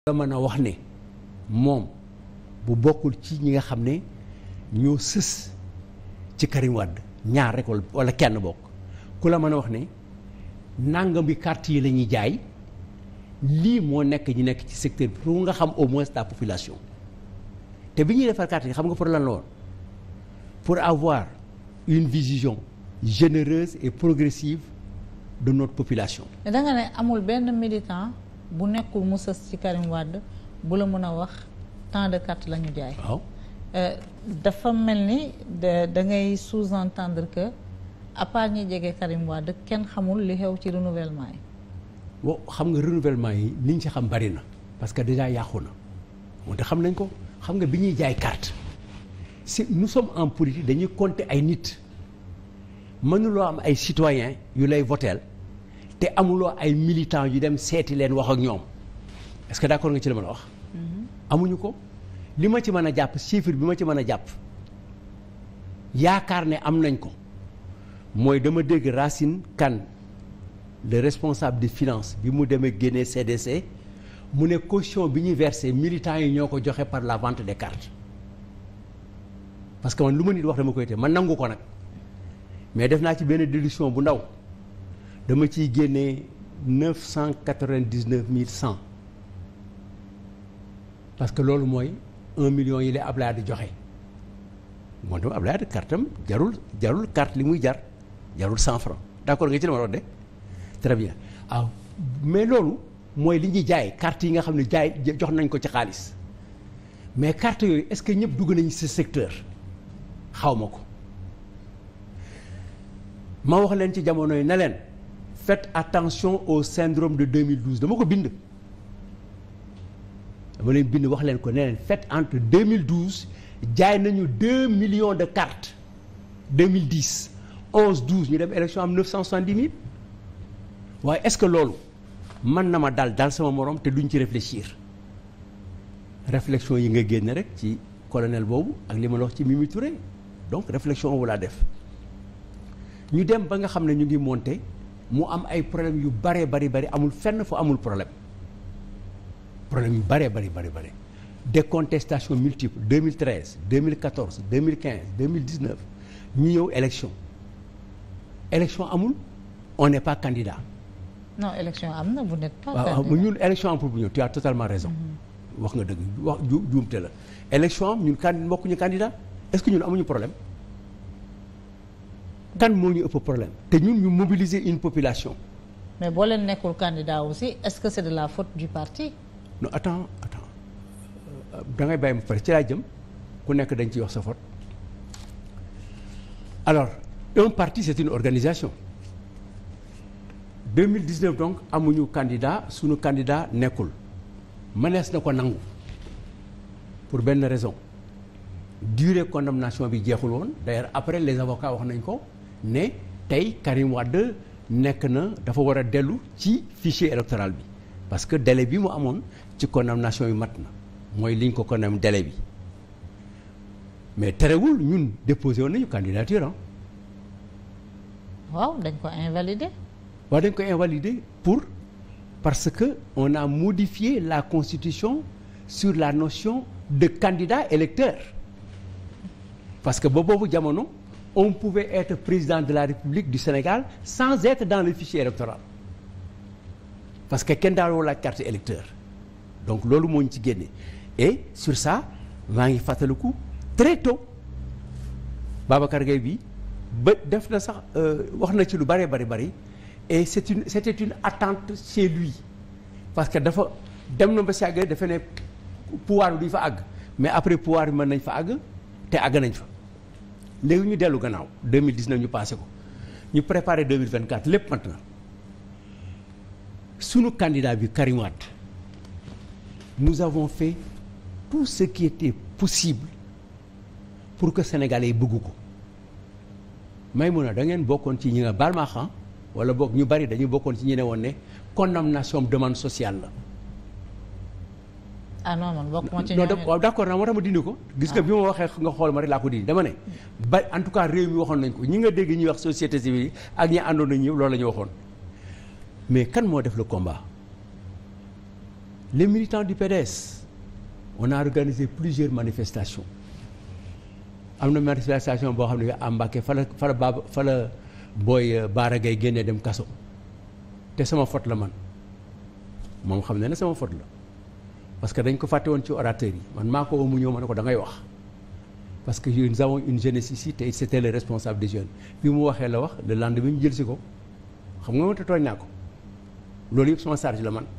nga mën a wax ne moom bu bokkul ci ñi nga xam ne ñoo sës ci Karim ñaar rek wala kenn bokk ku la mën a wax ne nangam bi carte yi la ñuy jaay lii moo nekk ñu nekk ci secteur bi pour nga xam au moins la population te bi ñuy defar carte yi xam nga pour lan la woon pour avoir une vision généreuse et progressive de notre population. da nga ne amul benn militant. bu nekkul mu sës ci Karim Wade bu la mën a wax tant de carte lañu ñu jaay. waaw euh, dafa mel ni da ngay sous-entendre que à part ñi jege Karim Wade kenn xamul li xew ci renouvellement yi. bon xam nga renouvellement yi li ñu ci xam bari na parce que déjà yàqu na wante xam nañ ko xam nga bi ñuy jaay carte si nous en politique dañuy compter ay nit mënuloo am ay citoyens yu lay voteel te amuloo ay militants yu dem seeti leen wax ak ñoom est-ce que d'accord nga ci la ma la wax. Mm-hmm. amuñu ko li ma ci mën a jàpp chiffre bi ma ci mën a jàpp yaakaar ne am nañ ko mooy dama dégg Racine kan le responsable des finances bi mu demee génnee CDC mu ne caution bi ñu verse militants yi ñoo ko joxe par la vente des carte parce que man lu ma nit wax dama koy te man nangu ko nag mais def naa ci benn déduction bu ndaw. dama ciy génne neuf cent quatre-vingt-dix-neuf mille cent parce que loolu mooy un million yi ab Ablaye di joxe moo dem Ablaye di kartam jarul jarul carte li muy jar jarul cent franc d'accord nga ci la ma doon de très bien waaw ah, mais loolu mooy li ñuy jaay carte yi nga xam ne jaay jox nañ ko ci xaalis mais carte yooyu est-ce que ñëpp dugg nañu ci secteur xaw ma ko ma wax leen ci jamono yi na leen. faites attention au syndrome de 2012 dama ko bind. dama leen bind wax leen ko ne leen faites entre 2012 jaay nañu 2 million de cartes 2010 11 12 ñu dem élection am 970 000 waaye est-ce que loolu mën na ma dal dal sama morom te duñ ci réfléchir réflexion yi nga génn rek ci colonel boobu ak li ma la wax ci Mimi Touré donc réflexion wu laa def ñu dem ba nga xam ne ñu ngi monter. mu am ay problème yu baree bari bari amul fenn fu amul problème problème yu baree bari bari bari des contestations multiples 2013 2014 2015 2019 ñu ñëw élection élection amul on n'est pas candidat. non élection am na vous n'êtes pas. Ah, ah, candidat waaw ñun élection am pour bu ñëw tu as totalement raison. Mm-hmm. wax nga dëgg wax ju juumte la élection am ñun kan ñu candidat est-ce que ñun amuñu problème. kan moo ñu ëpp problème te ñun ñu mobiliser une population. mais boo leen nekkul candidat aussi est-ce que c'est de la faute du parti. non attends attends euh, da ngay bàyyi mu pare ci laa jëm ku nekk dañ ci wax sa fot alors un parti c'est une organisation 2019 donc amuñu candidat suñu candidat nekkul mënees na ko nangu pour benn raison durée condamnation bi jeexul woon d'ailleurs après les avocats wax nañ ko. ne tey Karim Wade nekk na dafa war a dellu ci fichier électoral bi parce que délai bi mu amoon ci condamnation yu mat na mooy liñ ko condamné délai bi mais terewul ñun déposé woon nañu candidature waaw dañ ko invalidé. waaw dañ ko invalidé pour parce que on a modifié la constitution sur la notion de candidat électeur parce que ba boobu jamono. on pouvait être président de la République du Sénégal sans être dans le fichier électoral parce que kenn daal woo laaj carte électeur donc loolu moo ñu ci génne et sur ça maa ngi fàttaliku très tôt Babacar bi ba def na sax euh, wax na ci lu bëree bari bëri et c'est une c'était une attente chez lui parce que dafa dem na ba si àgg dafa ne pouvoir bi duñ fa àgg mais après pouvoir bi mën nañ fa àgg te àgg nañ fa léegi ñu dellu gannaaw 2019 ñu passé ko ñu préparé 2024 lépp mat na sunu candidat bi Karim Wade nous avons fait tout ce qui était possible pour que sénégalais yi bugg ko Maïmouna da ngeen bokkoon ci ñi nga baal ma xam wala boog ñu bari dañu bokkoon ci ñi ne woon ne condamnation demande social la. ah non man bokkuma ci ñooñu non d' accord naa moo tax ma dindi ko. gis nga bi ma waxee nga xool ma rek laa ko dindi dama ne. ba en tout cas réew mi waxoon nañ ko ñi nga dégg ñuy wax société civile yi ak ñi àndoon nañ ñëw loolu la ñu waxoon. mais kan moo def le combat les militants du PDS on a organisé plusieurs manifestations am na manifestation boo xam ne à Mbacké fa la fa baaba fa booy euh, Baara Gaye génnee dem kaso te sama faute la man moom xam ne ne sama faute la. parce que dañ ko fàtte woon ci orateur yi man maa ko mu ñëw ma ko da ngay wax parce que nous une jeunesse ici te c' était le responsable des jeunes bi mu waxee la wax le bi ñu jël si ko xam nga ma te tooñ naa ko loolu yëpp sama charge la man.